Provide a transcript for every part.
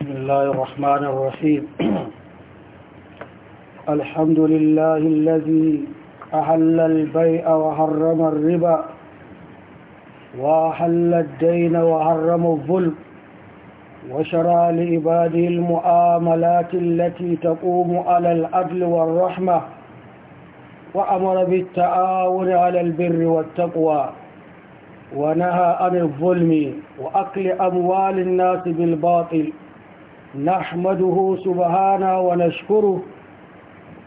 بسم الله الرحمن الرحيم الحمد لله الذي أحل البيع وحرم الربا وأحل الدين وحرم الظلم وشرع لعباده المعاملات التي تقوم على العدل والرحمة وأمر بالتعاون على البر والتقوى ونهى عن الظلم وأكل أموال الناس بالباطل نحمده سبحانه ونشكره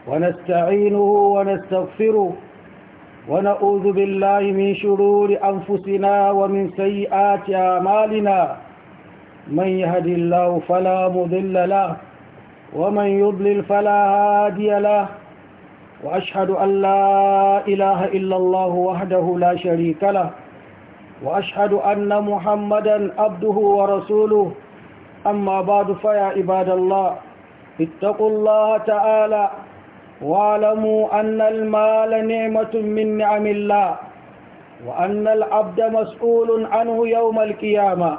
ونستعينه ونستغفره ونعوذ بالله من شرور أنفسنا ومن سيئات أعمالنا من يهد الله فلا مضل له ومن يضلل فلا هادي له وأشهد أن لا إله إلا الله وحده لا شريك له وأشهد أن محمدا عبده ورسوله أما بعد فيا عباد الله اتقوا الله تعالى واعلموا أن المال نعمة من نعم الله وأن العبد مسؤول عنه يوم القيامة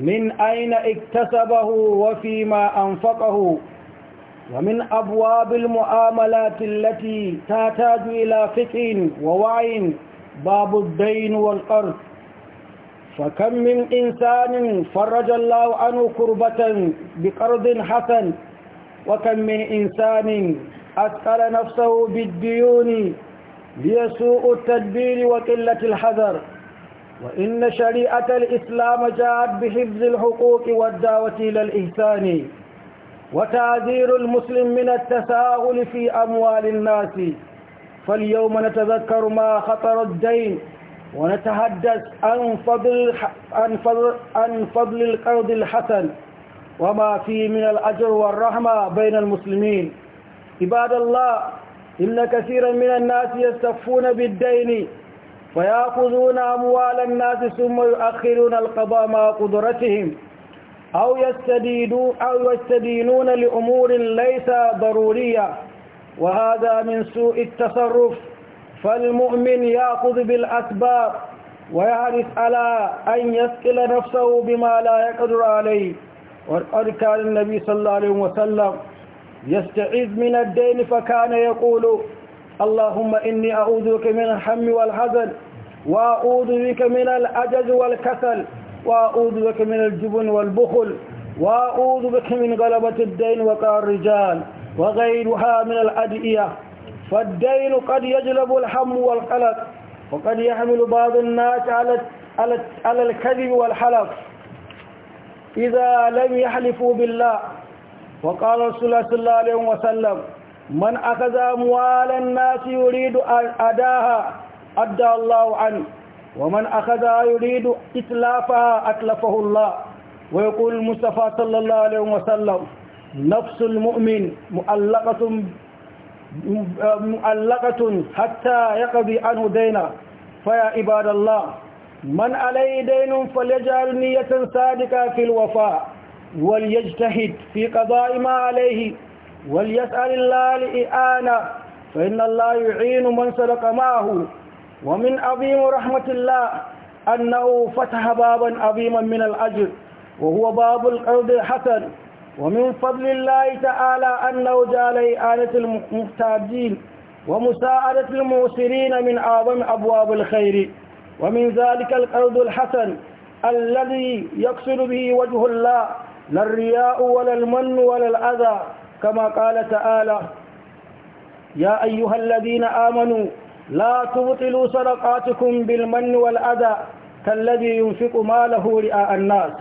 من أين اكتسبه وفيما أنفقه ومن أبواب المعاملات التي تحتاج إلى فقه ووعي باب الدين والقرض فكم من إنسان فرج الله عنه كربة بقرض حسن وكم من إنسان أثقل نفسه بالديون ليسوء التدبير وقلة الحذر وإن شريعة الإسلام جاءت بحفظ الحقوق والدعوة إلى الإحسان وتعذير المسلم من التساهل في أموال الناس فاليوم نتذكر ما خطر الدين ونتحدث عن فضل عن فضل عن فضل القرض الحسن وما فيه من الأجر والرحمة بين المسلمين عباد الله إن كثيرا من الناس يستفون بالدين فيأخذون أموال الناس ثم يؤخرون القضاء مع قدرتهم أو يستدينون, أو يستدينون لأمور ليس ضرورية وهذا من سوء التصرف فالمؤمن يأخذ بالأسباب ويعرف على أن يثقل نفسه بما لا يقدر عليه وقد كان النبي صلى الله عليه وسلم يستعيذ من الدين فكان يقول اللهم إني أعوذ بك من الهم والحزن وأعوذ بك من العجز والكسل وأعوذ بك من الجبن والبخل وأعوذ بك من غلبة الدين وقال الرجال وغيرها من الأدئية فالدين قد يجلب الهم والقلق وقد يحمل بعض الناس على على الكذب والحلق إذا لم يحلفوا بالله وقال رسول الله صلى الله عليه وسلم من أخذ أموال الناس يريد أداها أدى الله عنه ومن أخذها يريد إتلافها أتلفه الله ويقول المصطفى صلى الله عليه وسلم نفس المؤمن مؤلقة مؤلقة حتى يقضي عنه دينا فيا عباد الله من عليه دين فليجعل نية صادقة في الوفاء وليجتهد في قضاء ما عليه وليسأل الله لإعانة فإن الله يعين من صدق معه ومن عظيم رحمة الله أنه فتح بابا عظيما من الأجر وهو باب القرض الحسن ومن فضل الله تعالى أنه جعل إعانة المحتاجين ومساعدة الموسرين من أعظم أبواب الخير ومن ذلك القرض الحسن الذي يقصد به وجه الله لا الرياء ولا المن ولا الأذى كما قال تعالى يا أيها الذين آمنوا لا تبطلوا صدقاتكم بالمن والأذى كالذي ينفق ماله رئاء الناس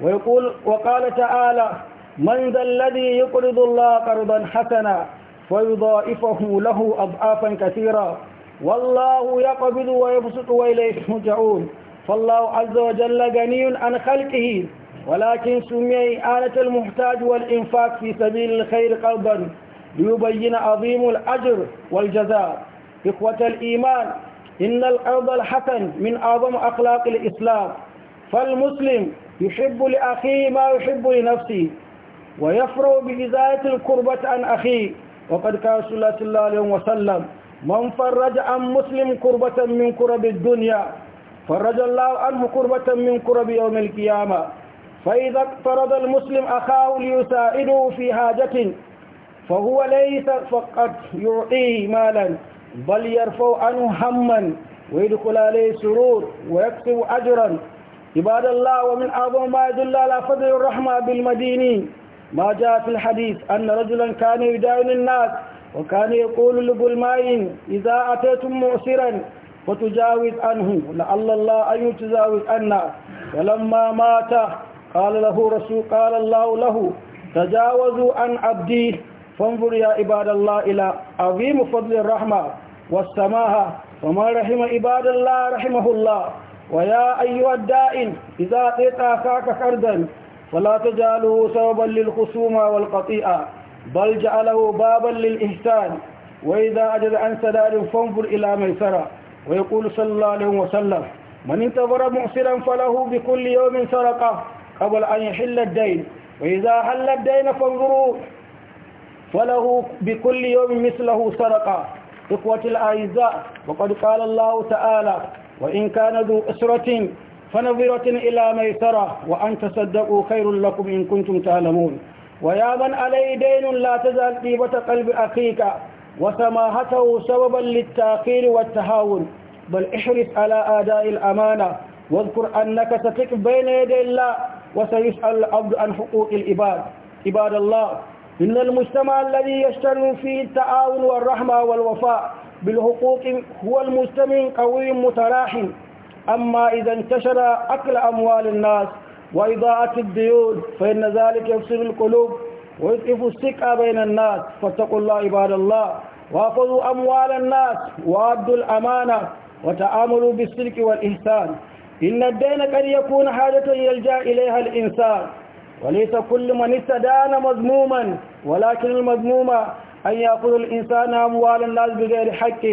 ويقول وقال تعالى من ذا الذي يقرض الله قرضا حسنا فيضاعفه له أضعافا كثيرة والله يقبض ويبسط وإليه ترجعون فالله عز وجل غني عن خلقه ولكن سمي آلة المحتاج والإنفاق في سبيل الخير قرضا ليبين عظيم الأجر والجزاء إخوة الإيمان إن القرض الحسن من أعظم أخلاق الإسلام فالمسلم يحب لأخيه ما يحب لنفسه ويفرغ بجزاية الكربة عن أخيه وقد كان رسول الله صلى الله عليه وسلم من فرج عن مسلم كربة من كرب الدنيا فرج الله عنه كربة من كرب يوم القيامة فإذا اقترض المسلم أخاه ليساعده في حاجة فهو ليس فقط يعطيه مالا بل يرفع عنه هما ويدخل عليه سرور ويكسب أجرا عباد الله ومن أعظم ما يدل على فضل الرحمة بالمدينين ما جاء في الحديث أن رجلا كان يداعن الناس وكان يقول لظلمائهم إذا أتيتم مؤسرا فتجاوز عنه لعل الله أن يتجاوز عنا ولما مات قال له رسول قال الله له تجاوزوا عن عبدي فانظر يا عباد الله إلى عظيم فضل الرحمة والسماحة وما رحم عباد الله رحمه الله ويا أيها الدائن إذا أتيت أخاك خردا فلا تجعله سببا للخصومة والقطيئة بل جعله بابا للإحسان وإذا أجد عن سدار فانظر إلى ميسرة ويقول صلى الله عليه وسلم من انتظر مؤسرا فله بكل يوم سرقة قبل أن يحل الدين وإذا حل الدين فانظروا فله بكل يوم مثله سرقة إخوة الأعزاء وقد قال الله تعالى وإن كان ذو أسرة فنظرة إلى ميسرة وأن تصدقوا خير لكم إن كنتم تعلمون ويا من علي دين لا تزال طيبة قلب أخيك وسماحته سببا للتاخير والتهاون بل احرص على آداء الأمانة واذكر أنك ستقف بين يدي الله وسيسأل العبد عن حقوق العباد عباد الله إن المجتمع الذي يشتري فيه التعاون والرحمة والوفاء بالحقوق هو المجتمع قوي متراحم أما إذا انتشر أكل أموال الناس وإضاعة الديون فإن ذلك يفسد القلوب ويضعف السكة بين الناس فاتقوا الله عباد الله وأخذوا أموال الناس وأدوا الأمانة وتعاملوا بالسلك والإحسان إن الدين قد يكون حاجة يلجأ إليها الإنسان وليس كل من استدان مذموما ولكن المذموم أن يأخذ الإنسان أموال الناس بغير حق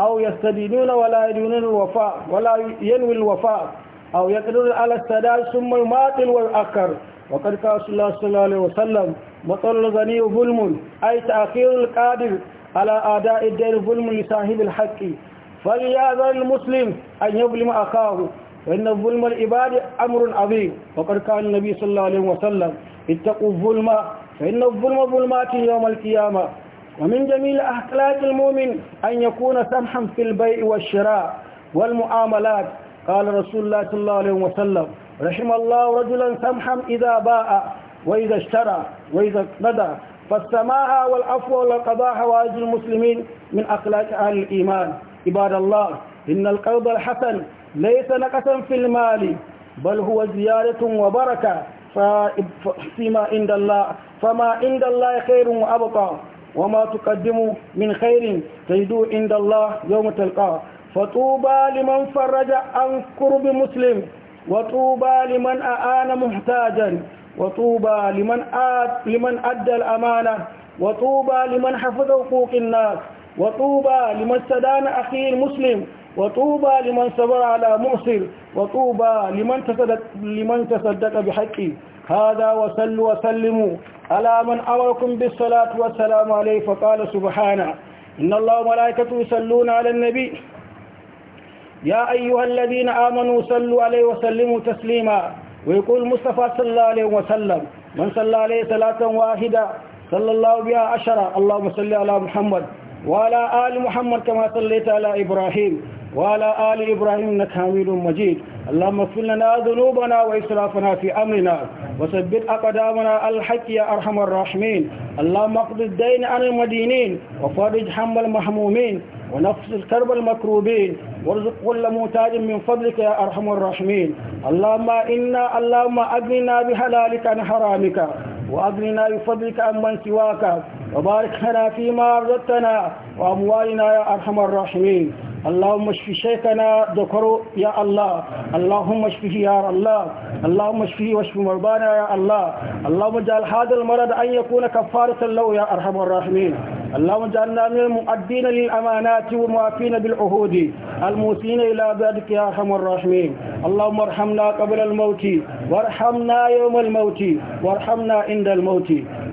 أو يستدينون ولا يدينون الوفاء ولا ينوي الوفاء أو يقدرون على السداد ثم يماطل ويؤخر وقد قال رسول الله صلى الله عليه وسلم مطل الغني ظلم أي تأخير القادر على أداء الدين ظلم لصاحب الحق فليأذن المسلم أن يظلم أخاه وإن ظلم العباد أمر عظيم وقد قال النبي صلى الله عليه وسلم اتقوا الظلم فإن الظلم ظلمات يوم القيامة ومن جميل أخلاق المؤمن أن يكون سمحا في البيع والشراء والمعاملات قال رسول الله صلى الله عليه وسلم رحم الله رجلا سمحا إذا باع وإذا اشترى وإذا ندى فالسماع والعفو والقضاء حوائج المسلمين من أخلاق أهل الإيمان عباد الله إن القرض الحسن ليس نقصا في المال بل هو زيادة وبركة فيما عند الله فما عند الله خير وأبقى وما تقدموا من خير تجدوه عند الله يوم تلقاه فطوبى لمن فرج عن كرب مسلم وطوبى لمن أعان محتاجا وطوبى لمن آت لمن أدى الأمانة وطوبى لمن حفظ حقوق الناس وطوبى لمن استدان أخيه المسلم وطوبى لمن صبر على مؤسر وطوبى لمن تصدق لمن تصدق بحقه هذا وصلوا وسلموا على من أمركم بالصلاة والسلام عليه فقال سبحانه إن الله وملائكته يصلون على النبي يا أيها الذين آمنوا صلوا عليه وسلموا تسليما ويقول مصطفى صلى الله عليه وسلم من صلى عليه صلاة واحدة صلى الله بها عشرة اللهم صل على محمد وعلى آل محمد كما صليت على إبراهيم وعلى آل إبراهيم إنك حميد مجيد اللهم اغفر لنا ذنوبنا وإسرافنا في أمرنا وثبت أقدامنا الحق يا أرحم الراحمين اللهم اقض الدين عن المدينين وفرج هم المحمومين ونفس الكرب المكروبين وارزق كل محتاج من فضلك يا أرحم الراحمين اللهم إنا اللهم أغننا بحلالك عن حرامك وأغننا بفضلك عن من سواك وبارك لنا فيما رزقتنا وأموالنا يا أرحم الراحمين اللهم اشف شيخنا ذكره يا الله اللهم اشفه يا الله اللهم اشفه واشف مرضانا يا الله اللهم اجعل هذا المرض أن يكون كفارة له يا أرحم الراحمين اللهم اجعلنا من المؤدين للأمانات والموافين بالعهود الموسين إلى بلدك يا أرحم الراحمين اللهم ارحمنا قبل الموت وارحمنا يوم الموت وارحمنا عند الموت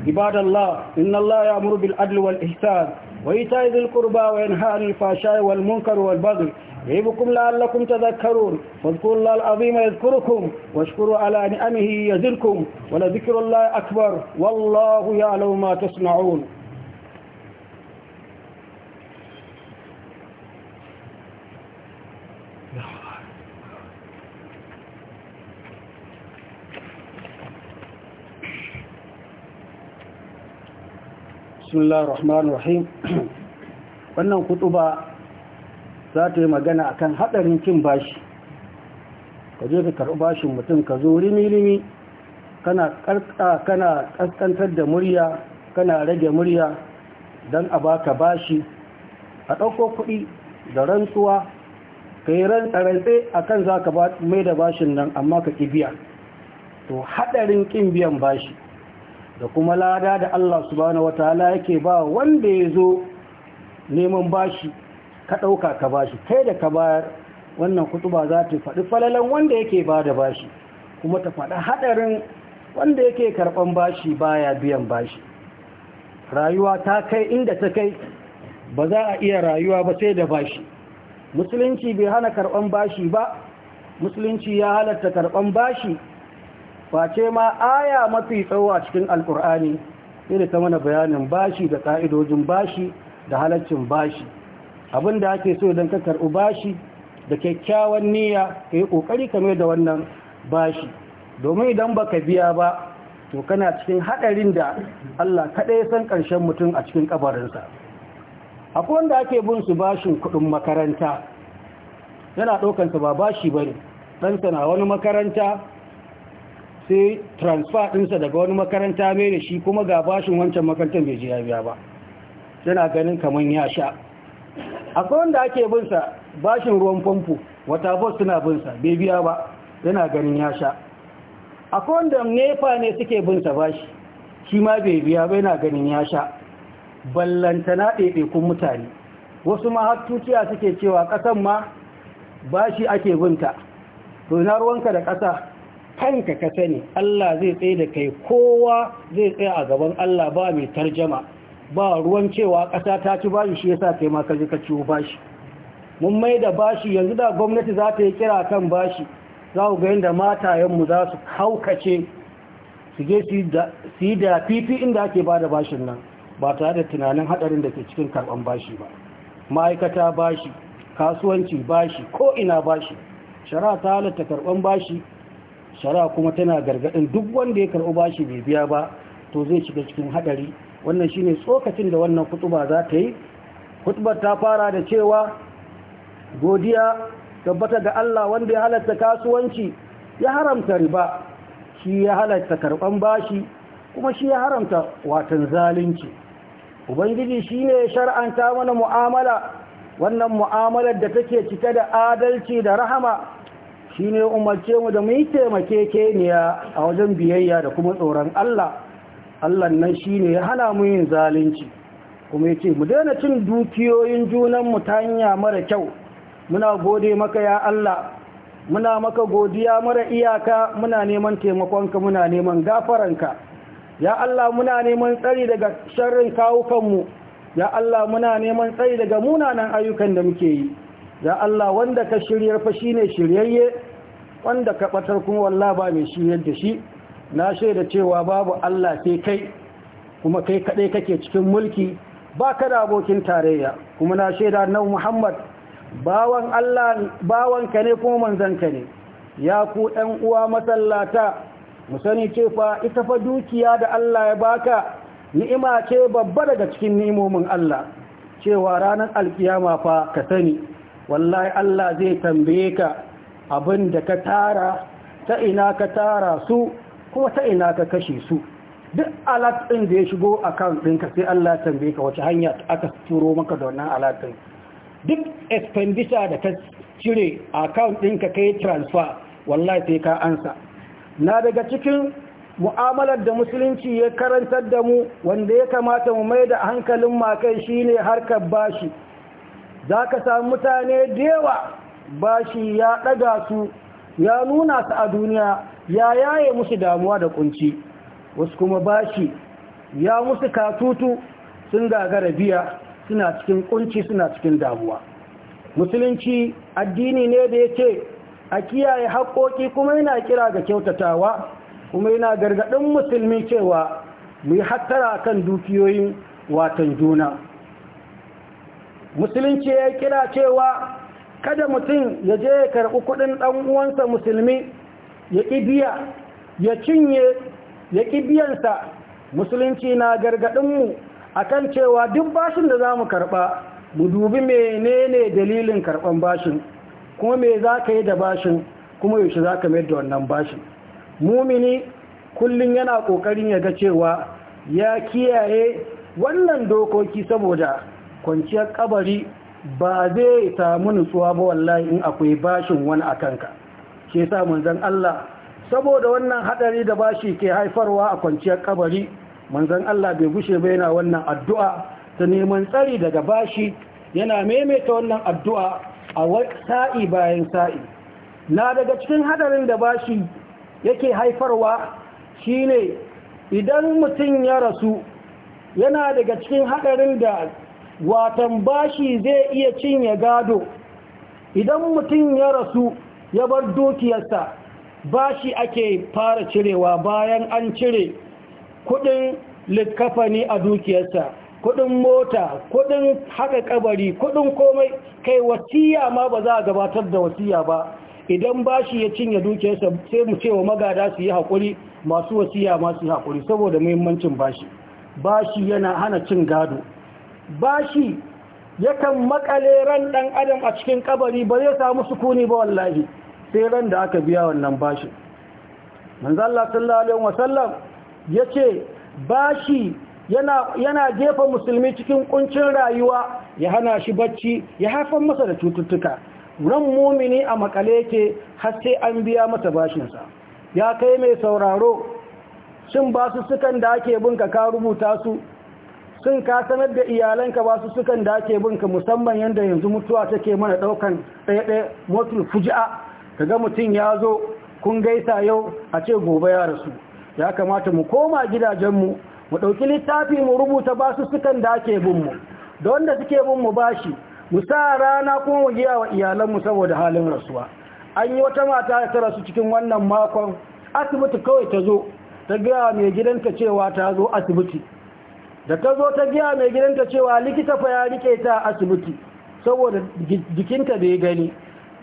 عباد الله إن الله يأمر بالعدل والإحسان وإيتاء ذي القربى وإنهاء عن الفحشاء والمنكر والبغي يعظكم لعلكم تذكرون واذكروا الله العظيم يذكركم واشكروا على نعمه يزلكم ولذكر الله أكبر والله يعلم ما تصنعون bismillah rahman rahim wannan kutuba za ta yi magana akan haɗarin cin bashi ka je ka karɓi bashin mutum ka zo rimi-rimi kana ƙasƙantar da murya kana rage murya don a baka bashi a ɗauko kuɗi da rantsuwa ka yi rantsarantse a kan za ka mai da bashin nan amma ka ƙi biya to haɗarin ƙin biyan bashi da kuma lada da Allah subhanahu wataala yake ba wanda ya zo neman bashi ka ɗauka ka bashi kai da ka bayar wannan kutuba za ta faɗi falalan wanda yake ba da bashi kuma ta faɗi haɗarin wanda yake karɓan bashi baya biyan bashi rayuwa ta kai inda ta kai ba za a iya rayuwa ba sai da bashi musulunci bai hana karɓan bashi ba musulunci ya halatta karɓan bashi face ma aya mafi tsawo a cikin alkur'ani irin ta mana bayanin bashi da ka'idojin bashi da halaccin bashi abin da ake so dan ka karɓi bashi da kyakkyawan niyya ka yi ƙoƙari kame da wannan bashi domin idan baka biya ba to kana cikin haɗarin da Allah kaɗai san ƙarshen mutum a cikin ƙabarinsa akwai wanda ake bin su bashin kuɗin makaranta yana ɗaukansa ba bashi ba ne ɗansa na wani makaranta sai transfer ɗinsa daga wani makaranta mai da shi kuma ga bashin wancan makarantar bai jiya ya biya ba yana ganin kamar ya sha akwai wanda ake binsa bashin ruwan famfo wata bus suna binsa bai biya ba yana ganin ya sha akwai wanda nefa ne suke binsa bashi shi ma bai biya ba yana ganin ya sha na ɗaiɗaikun mutane wasu ma har suke cewa ƙasan ma bashi ake binta to na ruwanka da ƙasa kanka ka sani Allah zai tsaye da kai kowa zai tsaye a gaban Allah ba mai tarjama ba ruwan cewa ƙasa ta ci bashi shi yasa kai ma ka ji ka ciwo bashi mun mai da bashi yanzu da gwamnati za ta yi kira kan bashi za ku ga yadda matayenmu za su haukace su je su yi da fifi inda ake ba da bashin nan ba tare da tunanin haɗarin da ke cikin karɓan bashi ba ma'aikata bashi kasuwanci bashi ko ina bashi shara ta halatta karɓan bashi shari'a kuma tana gargadin duk wanda ya karɓi bashi bai biya ba to zai shiga cikin haɗari. wannan shine tsokacin da wannan kutuba za ta yi kutubar ta fara da cewa godiya tabbata ga Allah wanda ya halatta kasuwanci ya haramta riba shi ya halatta karɓan bashi kuma shi ya haramta watan zalunci ubangiji shine ya shar'anta mana mu'amala wannan mu'amalar da take cike da adalci da rahama shi ne umarce mu da mu yi taimake keniya a wajen biyayya da kuma tsoron Allah Allah nan shi ne ya hana mu yin zalunci kuma ya ce mu daina cin dukiyoyin junanmu ta hanya mara kyau muna gode maka ya Allah muna maka godiya mara iyaka muna neman taimakonka muna neman gafaranka ya Allah muna neman tsari daga sharrin kawukanmu ya Allah muna neman tsari daga munanan ayyukan da muke yi ya Allah wanda ka shiryar fa shine shiryayye wanda ka batar kuma wallahi ba mai shiryar da shi na shaida cewa babu Allah sai kai kuma kai kadai kake cikin mulki ba ka da abokin tarayya kuma na shaida nan Muhammad bawan Allah ka ne kuma manzanka ne ya ku ɗan uwa masallata mu sani ce fa ita fa dukiya da Allah ya baka ni'ima ce babba daga cikin ni'imomin Allah cewa ranar alkiyama fa ka sani wallahi Allah zai tambaye ka abin da ka tara ta ina ka tara su ko ta ina ka kashe su duk alat ɗin da ya shigo account ɗinka sai Allah tambaye ka wace hanya aka turo maka da wannan alat din duk expenditure da ka cire account ka kai transfer wallahi sai ka ansa na daga cikin mu'amalar da musulunci ya karantar da mu wanda ya kamata mu mai da hankalin makai shine harkar bashi za ka sami mutane da yawa shi ya ɗaga su ya nuna su a duniya ya yaye musu damuwa da kunci wasu kuma bashi ya musu katutu sun gagara biya suna cikin kunci suna cikin damuwa musulunci addini ne da ya ce a kiyaye haƙoƙi kuma yana kira ga kyautatawa kuma yana gargaɗin musulmi cewa mu yi hattara kan dukiyoyin watan juna musulunci ya kira cewa kada mutum ya je ya karɓi kuɗin ɗan uwansa musulmi ya ƙibiya ya cinye ya ƙibiyansa musulunci na gargaɗinmu kan cewa duk bashin da za mu karɓa mu dubi menene dalilin karɓan bashin kuma me za ka yi da bashin kuma yaushe za ka mayar da wannan bashin mumini kullum yana ƙoƙarin ya ga cewa ya kiyaye wannan dokoki saboda kwanciyar kabari ba zai samu nutsuwa ba wallahi in akwai bashin wani a kanka ke sa zan Allah saboda wannan hadari da bashi ke haifarwa a kwanciyar kabari manzan Allah bai gushe bai na wannan addu'a ta neman tsari daga bashi yana maimaita wannan addu'a a sa'i bayan sa'i na daga cikin hadarin da bashi yake haifarwa shi ne idan mutum ya rasu yana daga cikin hadarin da watan bashi zai iya cinye gado idan mutum ya rasu ya bar dukiyarsa bashi ake fara cirewa bayan an cire kudin likkafani a dukiyarsa kudin mota kudin haka kabari kudin komai kai wasiya ma ba za a gabatar da wasiya ba idan bashi ya cinye dukiyarsa sai mu cewa magada su yi haƙuri masu wasiya masu haƙuri saboda muhimmancin bashi bashi yana hana cin gado bashi yakan makale ran ɗan adam a cikin kabari ba zai samu sukuni ba wallahi sai ran da aka biya wannan bashi manzo sallallahu alaihi wasallam yace bashi yana yana jefa musulmi cikin kuncin rayuwa ya hana shi bacci ya haifar masa da cututtuka ran mumini a makale yake har sai an biya masa bashinsa ya kai mai sauraro shin su sukan da ake binka ka rubuta su sun ka sanar da iyalanka ba su sukan da ake binka musamman yadda yanzu mutuwa take mana ɗaukan ɗaya-ɗaya motul fuji'a ka ga mutum ya zo kun gaisa yau a ce gobe ya rasu ya kamata mu koma gidajenmu mu ɗauki littafi mu rubuta ba su sukan da ake binmu da wanda suke binmu shi mu sa rana kuma mu giya wa iyalanmu saboda halin rasuwa an yi wata mata ta rasu cikin wannan makon asibiti kawai ta zo ta gaya mai gidanta cewa ta zo asibiti da ta zo ta giya mai gidanta cewa likita fa ya rike ta a asibiti saboda jikinta bai gani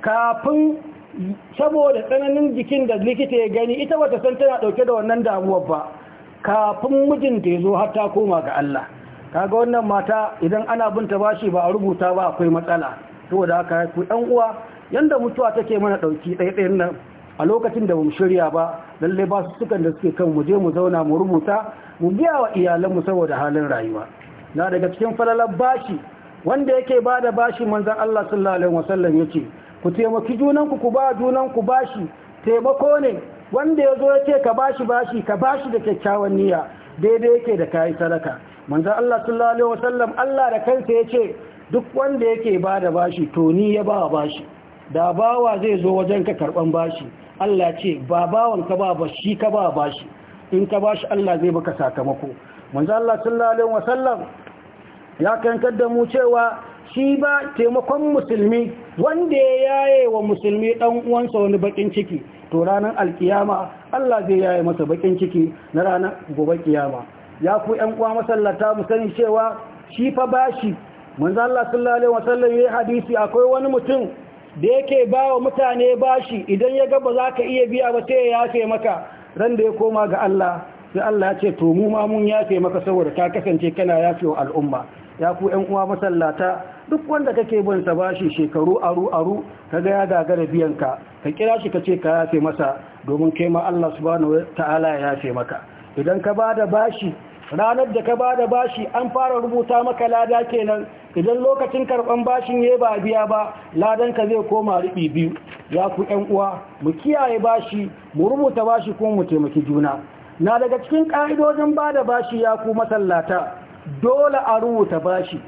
kafin saboda tsananin jikin da likita ya gani ita wata san tana dauke da wannan damuwar ba kafin mijinta ya zo har ta koma ga Allah kaga wannan mata idan ana binta bashi ba a rubuta ba akwai matsala saboda haka ku dan uwa yanda mutuwa take mana dauki dai nan a lokacin da bamu shirya ba lalle ba su sukan da suke kan mu je mu zauna mu rubuta mu biya wa iyalanmu saboda halin rayuwa na daga cikin falalar bashi wanda yake ba da bashi manzan Allah sallallahu alaihi wasallam yace ku taimaki junanku ku ba junanku bashi taimako ne wanda ya zo ya ce ka bashi bashi ka bashi da kyakkyawan niyya daidai yake da kayi sadaka manzan Allah sallallahu alaihi wasallam Allah da kansa ya ce duk wanda yake ba da bashi to ni ya ba bashi da bawa zai zo wajen ka karban bashi Allah ce ba bawan ba ba shi ka ba bashi in ka shi Allah zai baka sakamako manzo Allah sallallahu alaihi wasallam ya kantar da mu cewa shi ba taimakon musulmi wanda ya yaye wa musulmi dan uwansa wani bakin ciki to ranar alkiyama Allah zai yaye masa bakin ciki na ranar gobe kiyama ya ku ƴan uwa masallata mu sani cewa shi fa bashi manzo Allah sallallahu alaihi wasallam yayi hadisi akwai wani mutum da yake bawa mutane bashi idan ya ga ba za ka iya biya ba sai ya yafe maka ran da ya koma ga Allah sai Allah ya ce to mu ma mun yafe maka saboda ka kasance kana yafe wa al'umma ya ku ƴan uwa masallata duk wanda kake bin sa bashi shekaru aru aru kaga ya gagara biyan ka ka kira shi kace ka yafe masa domin kai ma Allah subhanahu ta'ala ya yafe maka idan ka bada bashi ranar da ka bada bashi an fara rubuta maka lada kenan idan lokacin karban bashin yayi ba biya ba ladan ka zai koma ribi biyu ya ku ƴan uwa mu kiyaye bashi mu rubuta bashi kuma mu taimaki juna na daga cikin ƙa'idojin ba da bashi ya ku masallata dole a rubuta bashi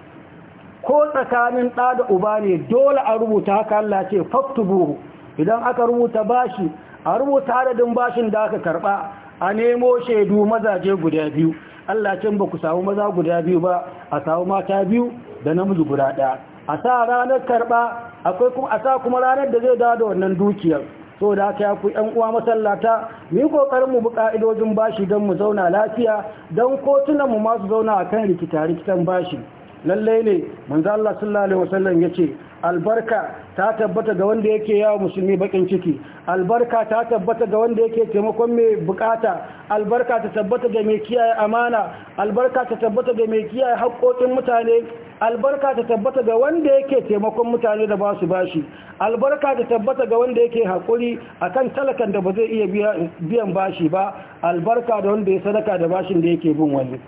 ko tsakanin ɗa da uba ne dole a rubuta haka Allah ce faktubu idan aka rubuta bashi a rubuta adadin bashin da aka karɓa a nemo shaidu mazaje guda biyu Allah ce ba ku samu maza guda biyu ba a samu mata biyu da namiji guda ɗaya a sa ranar karɓa, akwai a sa kuma ranar da zai dawo da wannan dukiyar so da haka ya yan uwa masallata mu kokarin mu buƙa ka'idojin bashi don mu zauna lafiya don kotunan mu masu zauna a kan rikita rikitan bashi lallai ne manzo Allah sallallahu alaihi wasallam yace albarka ta tabbata ga wanda yake yawo musulmi bakin ciki albarka ta tabbata ga wanda yake taimakon mai bukata albarka ta tabbata ga mai kiyaye amana albarka ta tabbata ga mai kiyaye haƙƙoƙin mutane albarka ta tabbata ga wanda yake taimakon mutane da ba su bashi albarka ta tabbata ga wanda yake haƙuri akan talakan da ba zai iya biyan bashi ba albarka da wanda ya sadaka da bashin da yake bin wani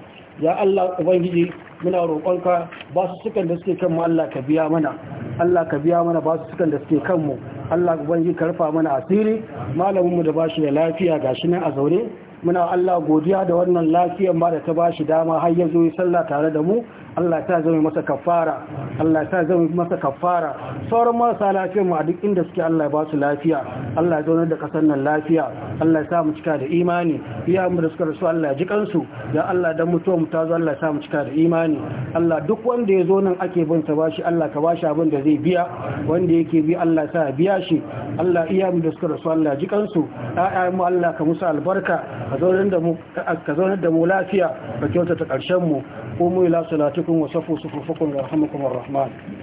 ya Allah ubangiji muna roƙonka ba su sukan da suke kanmu Allah ka biya mana Allah ka biya mana ba su sukan da suke kanmu Allah ubangiji karfa mana asiri malamin mu da bashi da lafiya gashi nan a zaure muna Allah godiya da wannan lafiyar ma da ta ba shi dama har yanzu yi sallah tare da mu Allah ta zama masa kafara Allah ta zama masa kafara sauran marasa lafiyar mu a duk inda suke Allah ya ba su lafiya Allah ya zaunar da kasar nan lafiya Allah ya sa cika da imani iya mu suka rasu Allah ya ji kansu ya Allah dan mutuwa mu ta zo Allah ya sa cika da imani Allah duk wanda ya zo nan ake bin sa bashi Allah ka bashi abin da zai biya wanda yake bi Allah sa biya shi Allah iya mu da suka rasu Allah ya ji kansu ƴaƴan mu Allah ka musu albarka ka zaunar da mu ka zaunar da mu lafiya ka kyautata karshen mu قوموا إلى صلاتكم safu صفوفكم ورحمكم الرحمن